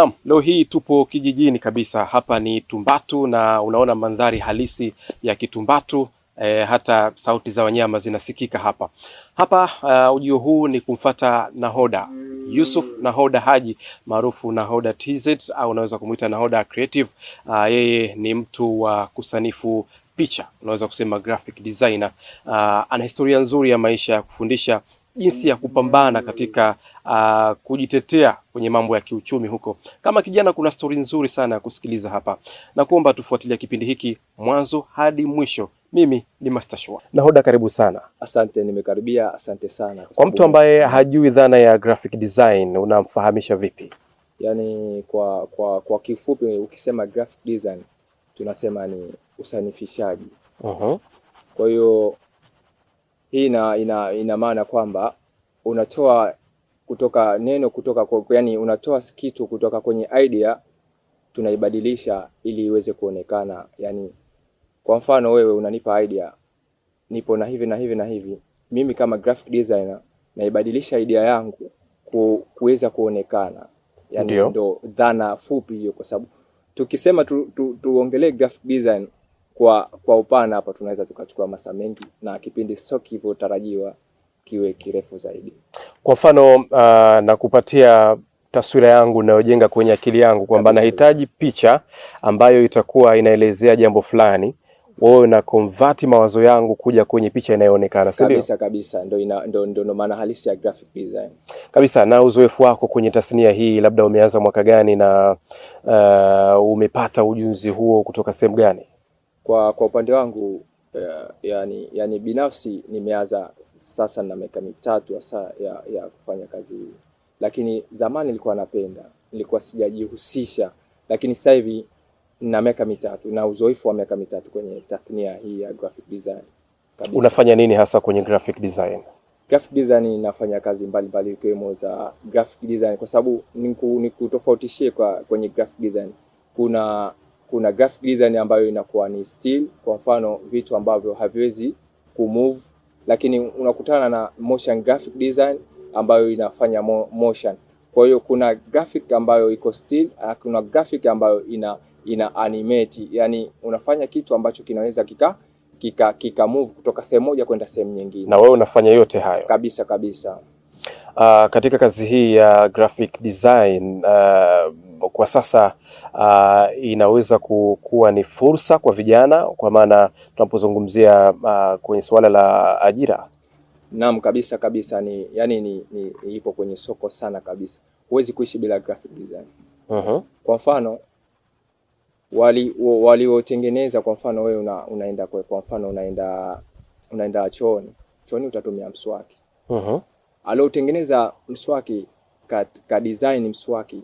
Naam, leo hii tupo kijijini kabisa. Hapa ni Tumbatu na unaona mandhari halisi ya Kitumbatu. E, hata sauti za wanyama zinasikika hapa hapa. Uh, ujio huu ni kumfata nahoda Yusuf Nahoda Haji maarufu Nahoda TZ au unaweza kumwita Nahoda Creative. Uh, yeye ni mtu wa uh, kusanifu picha, unaweza kusema graphic designer. Uh, ana historia nzuri ya maisha ya kufundisha jinsi ya kupambana katika uh, kujitetea kwenye mambo ya kiuchumi huko. Kama kijana, kuna stori nzuri sana ya kusikiliza hapa, na kuomba tufuatilia kipindi hiki mwanzo hadi mwisho. Mimi ni Master Shua. Nahoda, karibu sana. Asante, nimekaribia. Asante sana. Kwa mtu ambaye hajui dhana ya graphic design, unamfahamisha vipi? Yaani kwa, kwa, kwa kifupi ukisema graphic design tunasema ni usanifishaji. uh mhm. -huh. Kwa hiyo hii ina, ina, ina maana kwamba unatoa kutoka neno kutoka kwa, yani unatoa kitu kutoka kwenye idea tunaibadilisha ili iweze kuonekana. Yani kwa mfano wewe unanipa idea, nipo na hivi na hivi na hivi, mimi kama graphic designer naibadilisha idea yangu kuweza kuonekana. Yani ndo dhana fupi hiyo, kwa sababu tukisema tu, tu, tuongelee graphic design kwa, kwa upana hapa tunaweza tukachukua masa mengi na kipindi sio kivyotarajiwa kiwe kirefu zaidi. Kwa mfano uh, nakupatia taswira yangu inayojenga kwenye akili yangu kwamba nahitaji picha ambayo itakuwa inaelezea jambo fulani, wewe na convert mawazo yangu kuja kwenye picha inayoonekana, sio Kabisa kabisa, ndio ndio ndio maana halisi ya graphic design kabisa. Na uzoefu wako kwenye tasnia hii, labda umeanza mwaka gani na uh, umepata ujuzi huo kutoka sehemu gani? Kwa, kwa upande wangu uh, yani, yani binafsi nimeanza sasa na miaka mitatu hasa ya, ya kufanya kazi hii, lakini zamani nilikuwa napenda, nilikuwa sijajihusisha, lakini sasa hivi na miaka mitatu na uzoefu wa miaka mitatu kwenye tathnia hii ya graphic design kabisa. Unafanya nini hasa kwenye graphic design? Graphic design inafanya kazi mbalimbali ikiwemo za graphic design, kwa sababu nikutofautishie kwa kwenye graphic design kuna kuna graphic design ambayo inakuwa ni still, kwa mfano vitu ambavyo haviwezi kumove, lakini unakutana na motion graphic design ambayo inafanya mo motion. Kwa hiyo kuna graphic ambayo iko still, kuna graphic ambayo ina ina animate, yani unafanya kitu ambacho kinaweza kika kika, kika move kutoka sehemu moja kwenda sehemu nyingine. Na wewe unafanya yote hayo kabisa kabisa. Uh, katika kazi hii ya graphic design uh, kwa sasa uh, inaweza kuwa ni fursa kwa vijana, kwa maana tunapozungumzia uh, kwenye suala la ajira. Naam, kabisa kabisa, ni yani ni, ni, ni ipo kwenye soko sana kabisa, huwezi kuishi bila graphic design. uh mm-hmm. -huh. Kwa mfano waliotengeneza wali, kwa mfano wewe una, unaenda kwa, kwa mfano unaenda unaenda chooni chooni, utatumia mswaki uh mm-hmm. -huh. aliotengeneza mswaki ka, ka design mswaki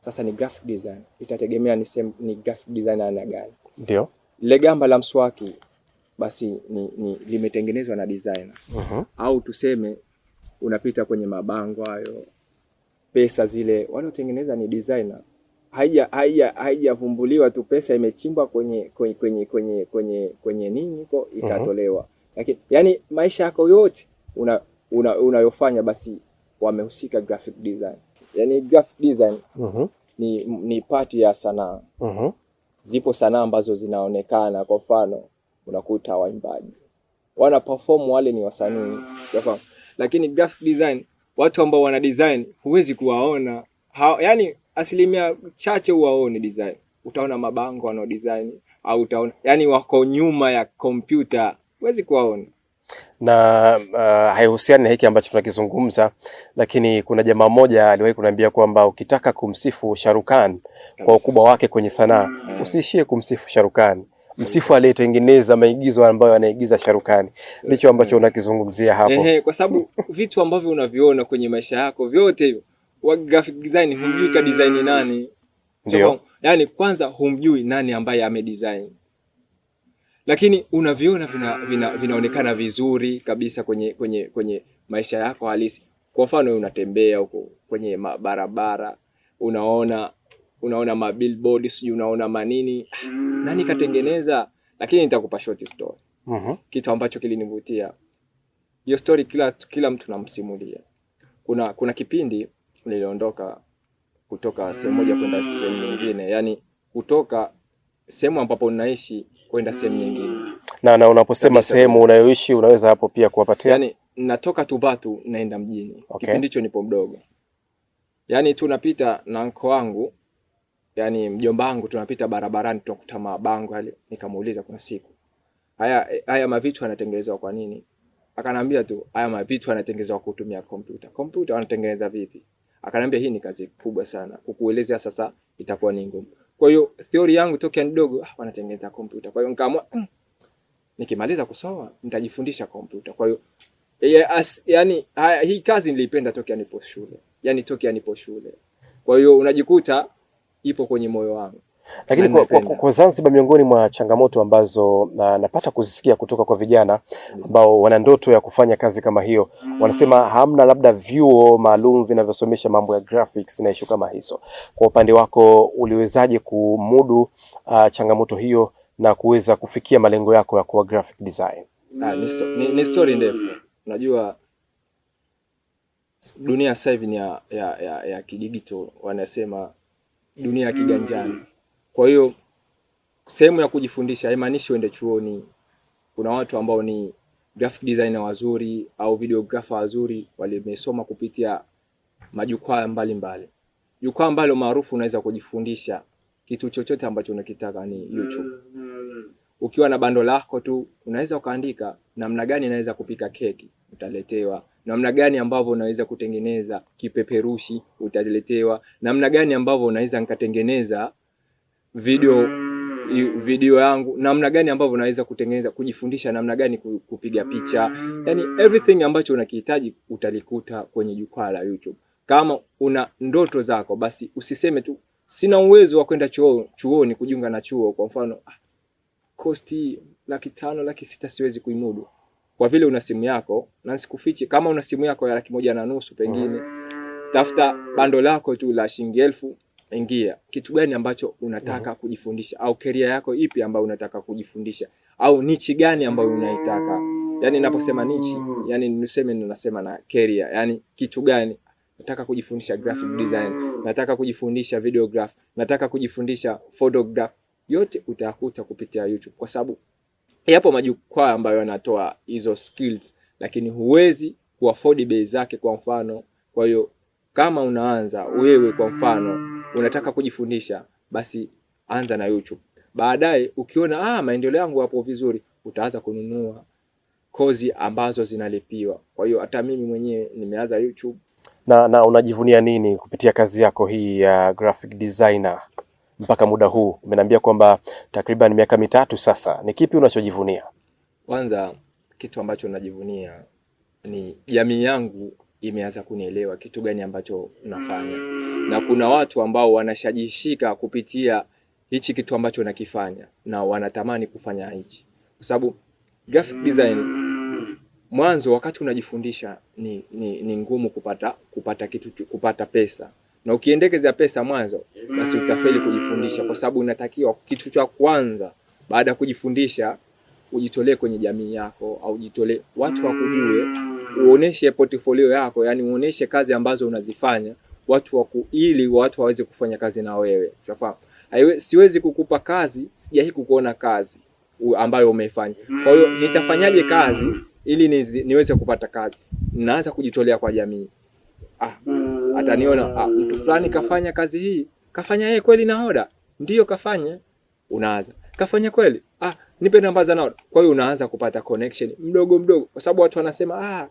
sasa ni graphic design, itategemea ni same, ni graphic design ana gani. Ndio ile gamba la mswaki basi ni, ni limetengenezwa na designer uh mhm. -huh. Au tuseme unapita kwenye mabango hayo, pesa zile waliotengeneza ni designer, haija haija haijavumbuliwa tu, pesa imechimbwa kwenye kwenye kwenye kwenye kwenye, kwenye nini ko mhm. ikatolewa uh -huh. Lakini yani maisha yako yote una, una, unayofanya basi wamehusika graphic design yani graphic design mm -hmm. ni, ni pati ya sanaa mm -hmm. Zipo sanaa ambazo zinaonekana, kwa mfano unakuta waimbaji wana perform, wale ni wasanii, lakini graphic design, watu ambao wana design huwezi kuwaona ha, yani asilimia chache huwaone design. Utaona mabango wanao design au utaona yani wako nyuma ya kompyuta, huwezi kuwaona na uh, haihusiani na hiki ambacho tunakizungumza, lakini kuna jamaa mmoja aliwahi kuniambia kwamba ukitaka kumsifu Sharukan kwa ukubwa wake kwenye sanaa mm. usiishie kumsifu Sharukan msifu aliyetengeneza maigizo ambayo anaigiza Sharukani. Ndicho ambacho mm. unakizungumzia hapo, kwa sababu vitu ambavyo unaviona kwenye maisha yako vyote hivyo, wa graphic design humjui ka design nani, ndio yani kwanza humjui nani ambaye amedesign lakini unaviona vina, vina, vinaonekana vizuri kabisa kwenye, kwenye, kwenye maisha yako halisi. Kwa mfano unatembea huko kwenye barabara unaona unaona mabillboard sijui unaona manini, nani katengeneza? Lakini nitakupa short story uh -huh. Kitu ambacho kilinivutia hiyo story, kila kila mtu namsimulia. Kuna kuna kipindi niliondoka kutoka sehemu moja kwenda sehemu nyingine, yani kutoka sehemu ambapo ninaishi kwenda sehemu nyingine. Mm. Na na unaposema sehemu unayoishi unaweza hapo pia kuwapatia. Yaani natoka Tubatu naenda mjini. Okay. Kipindi hicho nipo mdogo. Yaani tunapita na nko wangu yaani mjomba wangu tunapita barabarani tunakuta mabango yale, nikamuuliza kuna siku haya haya mavitu yanatengenezwa kwa nini? Akanambia tu haya mavitu yanatengenezwa kutumia kompyuta. Kompyuta wanatengeneza vipi? Akanambia hii ni kazi kubwa sana, kukuelezea sasa itakuwa ni ngumu. Kwa hiyo theory yangu tokea nidogo ah, wanatengeneza kompyuta. Kwa hiyo nikaamua mm, nikimaliza kusoma nitajifundisha kompyuta. Kwa hiyo yes, yani haya, hii kazi nilipenda tokea nipo shule, yani tokea nipo shule. Kwa hiyo unajikuta ipo kwenye moyo wangu. Lakini kwa, kwa, kwa Zanzibar miongoni mwa changamoto ambazo na, napata kuzisikia kutoka kwa vijana ambao wana ndoto ya kufanya kazi kama hiyo, mm. wanasema hamna labda vyuo maalum vinavyosomesha mambo ya graphics na ishu kama hizo. Kwa upande wako uliwezaje kumudu uh, changamoto hiyo na kuweza kufikia malengo yako ya kuwa graphic design? Ha, ah, ni, sto, ni, ni story ndefu. najua dunia sasa hivi ya, ya, ya, ya kidigito wanasema dunia ya kiganjani. Kwa hiyo sehemu ya kujifundisha haimaanishi uende chuoni. Kuna watu ambao ni graphic designer wazuri au videographer wazuri walimesoma kupitia majukwaa mbalimbali. Jukwaa ambalo maarufu unaweza kujifundisha kitu chochote ambacho unakitaka ni YouTube. Mm-hmm. Ukiwa na bando lako tu unaweza ukaandika namna gani naweza kupika keki, utaletewa. Namna gani ambavyo unaweza kutengeneza kipeperushi, utaletewa. Namna gani ambavyo unaweza nikatengeneza video mm. video yangu namna gani ambavyo naweza kutengeneza, kujifundisha namna gani kupiga picha, mm. yani everything ambacho unakihitaji utalikuta kwenye jukwaa la YouTube. Kama una ndoto zako, basi usiseme tu sina uwezo wa kwenda chuo chuoni kujiunga na chuo, kwa mfano ah, kosti laki tano laki sita siwezi kuimudu. Kwa vile una simu yako, na sikufichi, kama una simu yako ya laki moja na nusu, pengine mm. tafuta bando lako tu la shilingi elfu ingia, kitu gani ambacho unataka mhm. kujifundisha, au keria yako ipi ambayo unataka kujifundisha, au nichi gani ambayo unaitaka. Yani naposema nichi, yani niseme ninasema na keria, yani kitu gani nataka kujifundisha graphic design, nataka kujifundisha videograph, nataka kujifundisha photograph, yote utakuta kupitia YouTube kwa sababu yapo majukwaa ambayo yanatoa hizo skills, lakini huwezi kuafford bei zake, kwa mfano. Kwa hiyo kama unaanza wewe, kwa mfano unataka kujifundisha, basi anza na YouTube. Baadaye ukiona ah, maendeleo yangu yapo vizuri, utaanza kununua kozi ambazo zinalipiwa. Kwa hiyo hata mimi mwenyewe nimeanza YouTube. Na, na unajivunia nini kupitia kazi yako hii ya uh, graphic designer mpaka muda huu? Umeniambia kwamba takriban miaka mitatu sasa, ni kipi unachojivunia? Kwanza kitu ambacho najivunia ni jamii yangu imeanza kunielewa kitu gani ambacho nafanya, na kuna watu ambao wanashajishika kupitia hichi kitu ambacho nakifanya na wanatamani kufanya hichi, kwa sababu graphic design mwanzo wakati unajifundisha ni, ni, ni ngumu kupata kupata kitu kupata pesa, na ukiendekeza pesa mwanzo, basi utafeli kujifundisha, kwa sababu unatakiwa kitu cha kwanza baada ya kujifundisha ujitolee kwenye jamii yako, au jitolee watu wakujue uoneshe portfolio yako, yani uoneshe kazi ambazo unazifanya watu waku, ili watu waweze kufanya kazi na wewe. Unafahamu? Siwezi kukupa kazi sijahi kukuona kazi ambayo umeifanya. Kwa hiyo mm. nitafanyaje kazi ili nizi, niweze kupata kazi? Naanza kujitolea kwa jamii. Ah, ataniona ah, mtu fulani kafanya kazi hii, kafanya yeye kweli nahoda? ndio kafanya. Unaanza. Kafanya kweli? Ah, nipe namba za Nado. Kwa hiyo unaanza kupata connection mdogo mdogo, kwa sababu watu wanasema ah,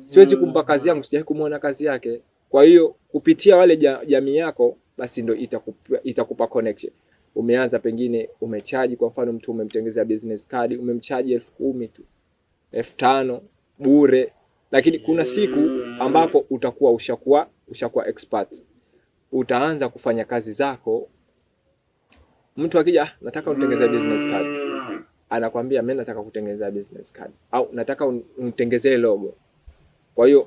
siwezi kumpa kazi yangu, sijawahi kumuona kazi yake. Kwa hiyo kupitia wale jamii yako, basi ndio itakupa, itakupa connection. Umeanza pengine umechaji, kwa mfano mtu umemtengezea business card, umemchaji elfu kumi tu elfu tano bure, lakini kuna siku ambapo utakuwa ushakuwa ushakuwa expert, utaanza kufanya kazi zako. Mtu akija ah, nataka unitengezee business card anakwambia mimi nataka kutengeneza business card au nataka unitengezee logo. Kwa hiyo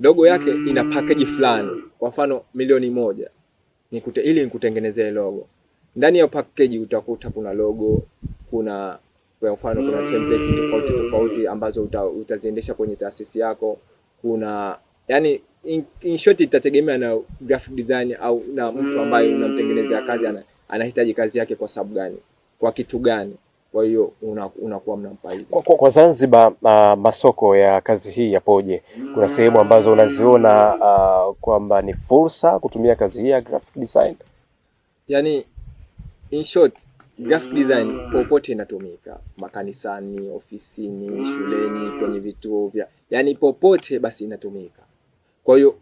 logo yake mm. ina package fulani, kwa mfano milioni moja nikute, ili nikutengenezee logo. Ndani ya package utakuta kuna logo, kuna kwa mfano kuna mm. template tofauti tofauti ambazo uta, utaziendesha kwenye taasisi yako. Kuna yani in, in short itategemea na graphic design au na mtu ambaye mm. unamtengenezea kazi ana, anahitaji kazi yake kwa sababu gani, kwa kitu gani kwa hiyo unakuwa una mnampa hivi. Kwa, kwa Zanzibar uh, masoko ya kazi hii yapoje? Kuna sehemu ambazo unaziona uh, kwamba ni fursa kutumia kazi hii ya graphic design? Yani, in short graphic design popote inatumika, makanisani, ofisini, shuleni, kwenye vituo vya yani popote basi inatumika. Kwa hiyo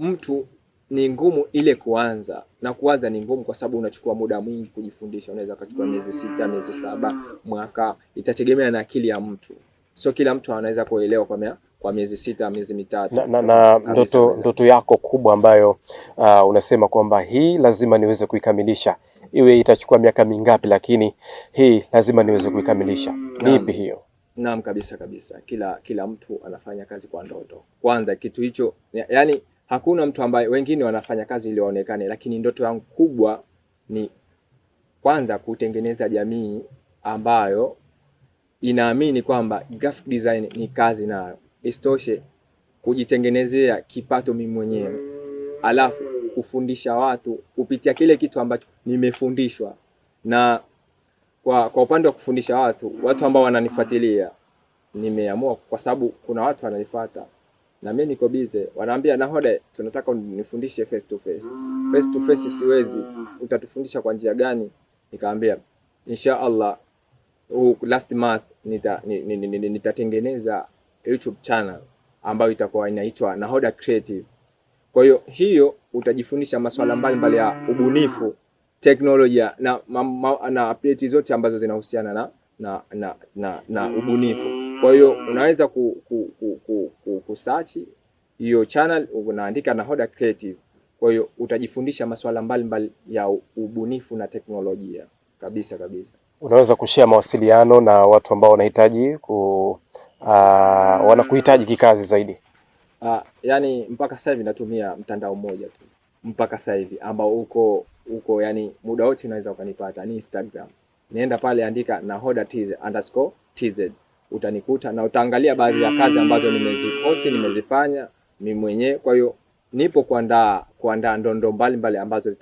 mtu ni ngumu ile kuanza na kuanza ni ngumu, kwa sababu unachukua muda mwingi kujifundisha. Unaweza kuchukua mm. miezi sita, miezi saba, mwaka, itategemea na akili ya mtu. Sio kila mtu anaweza kuelewa kwa mea, kwa miezi sita, miezi mitatu. Na, na, na ndoto, ndoto yako kubwa ambayo uh, unasema kwamba hii lazima niweze kuikamilisha, iwe itachukua miaka mingapi, lakini hii lazima niweze kuikamilisha, ni ipi hiyo? Naam, kabisa kabisa. Kila kila mtu anafanya kazi kwa ndoto. Kwanza kitu hicho, yani Hakuna mtu ambaye, wengine wanafanya kazi ili waonekane, lakini ndoto yangu kubwa ni kwanza kutengeneza jamii ambayo inaamini kwamba graphic design ni kazi nayo, isitoshe kujitengenezea kipato mimi mwenyewe, alafu kufundisha watu kupitia kile kitu ambacho nimefundishwa. Na kwa, kwa upande wa kufundisha watu, watu ambao wananifuatilia nimeamua, kwa sababu kuna watu wananifuata na mimi niko bize, wanaambia nahoda, tunataka unifundishe face to face. Face to face siwezi, utatufundisha kwa njia gani? Nikaambia insha Allah uh, last month nitatengeneza nita, nita YouTube channel ambayo itakuwa inaitwa Nahoda Creative. Kwa hiyo hiyo utajifundisha masuala mbalimbali ya ubunifu, teknolojia na, na update zote ambazo zinahusiana na, na, na, na, na ubunifu. Kwa hiyo unaweza ku, ku, ku, ku, ku, search hiyo channel unaandika Nahoda Creative. Kwa hiyo utajifundisha masuala mbalimbali ya ubunifu na teknolojia kabisa kabisa. Unaweza kushare mawasiliano na watu ambao wanahitaji ku, uh, wanakuhitaji kikazi zaidi. Uh, yani mpaka sasa hivi natumia mtandao mmoja tu mpaka sasa hivi ambao uko uko yani muda wote unaweza ukanipata ni Instagram. Nienda pale andika Nahoda TZ underscore TZ utanikuta na utaangalia baadhi ya kazi ambazo nimeziposti nimezifanya mimi mwenyewe. Kwa hiyo nipo kuandaa kuandaa ndondo mbalimbali ambazo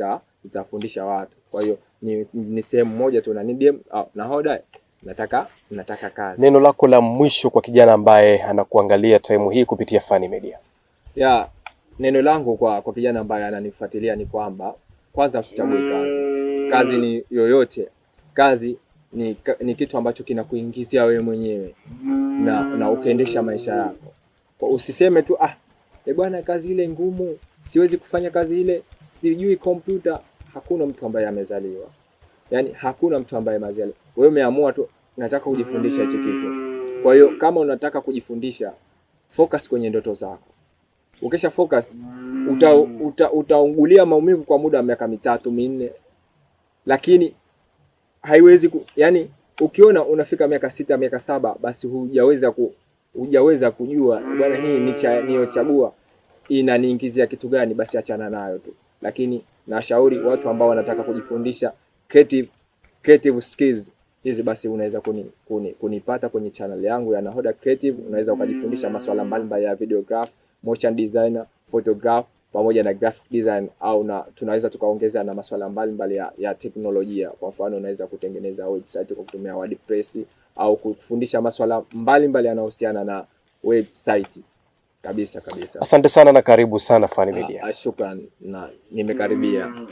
zitafundisha watu. Kwa hiyo ni, ni sehemu moja tu na ni DM au nahoda nataka nataka kazi. Neno lako la mwisho kwa kijana ambaye anakuangalia time hii kupitia Fani Media? Yeah, neno langu kwa kwa kijana ambaye ananifuatilia ni kwamba kwanza usichague kazi, kazi ni yoyote, kazi ni, ni kitu ambacho kinakuingizia wewe mwenyewe na, na ukaendesha maisha yako kwa usiseme tu ah, e bwana, kazi ile ngumu, siwezi kufanya kazi ile, sijui kompyuta. Hakuna mtu ambaye amezaliwa, yaani hakuna mtu ambaye amezaliwa. Wewe umeamua tu nataka kujifundisha hichi kitu. Kwa hiyo kama unataka kujifundisha, focus kwenye ndoto zako. Ukisha focus utaungulia uta, uta maumivu kwa muda wa miaka mitatu minne, lakini haiwezi ku, yani ukiona unafika miaka sita miaka saba basi hujaweza ku, hujaweza kujua bwana, hii niyochagua inaniingizia kitu gani, basi achana nayo tu. Lakini nashauri watu ambao wanataka kujifundisha creative, creative skills hizi, basi unaweza kuni, kuni, kunipata kwenye channel yangu ya Nahoda Creative. Unaweza ukajifundisha masuala mbalimbali ya videograph, motion designer, photograph pamoja na graphic design au na tunaweza tukaongeza na masuala mbalimbali ya, ya teknolojia. Kwa mfano, unaweza kutengeneza website kwa kutumia WordPress au kufundisha masuala mbalimbali yanayohusiana na website kabisa kabisa. Asante sana na karibu sana Fani ah, Media. Ah, shukran na nimekaribia. Mm.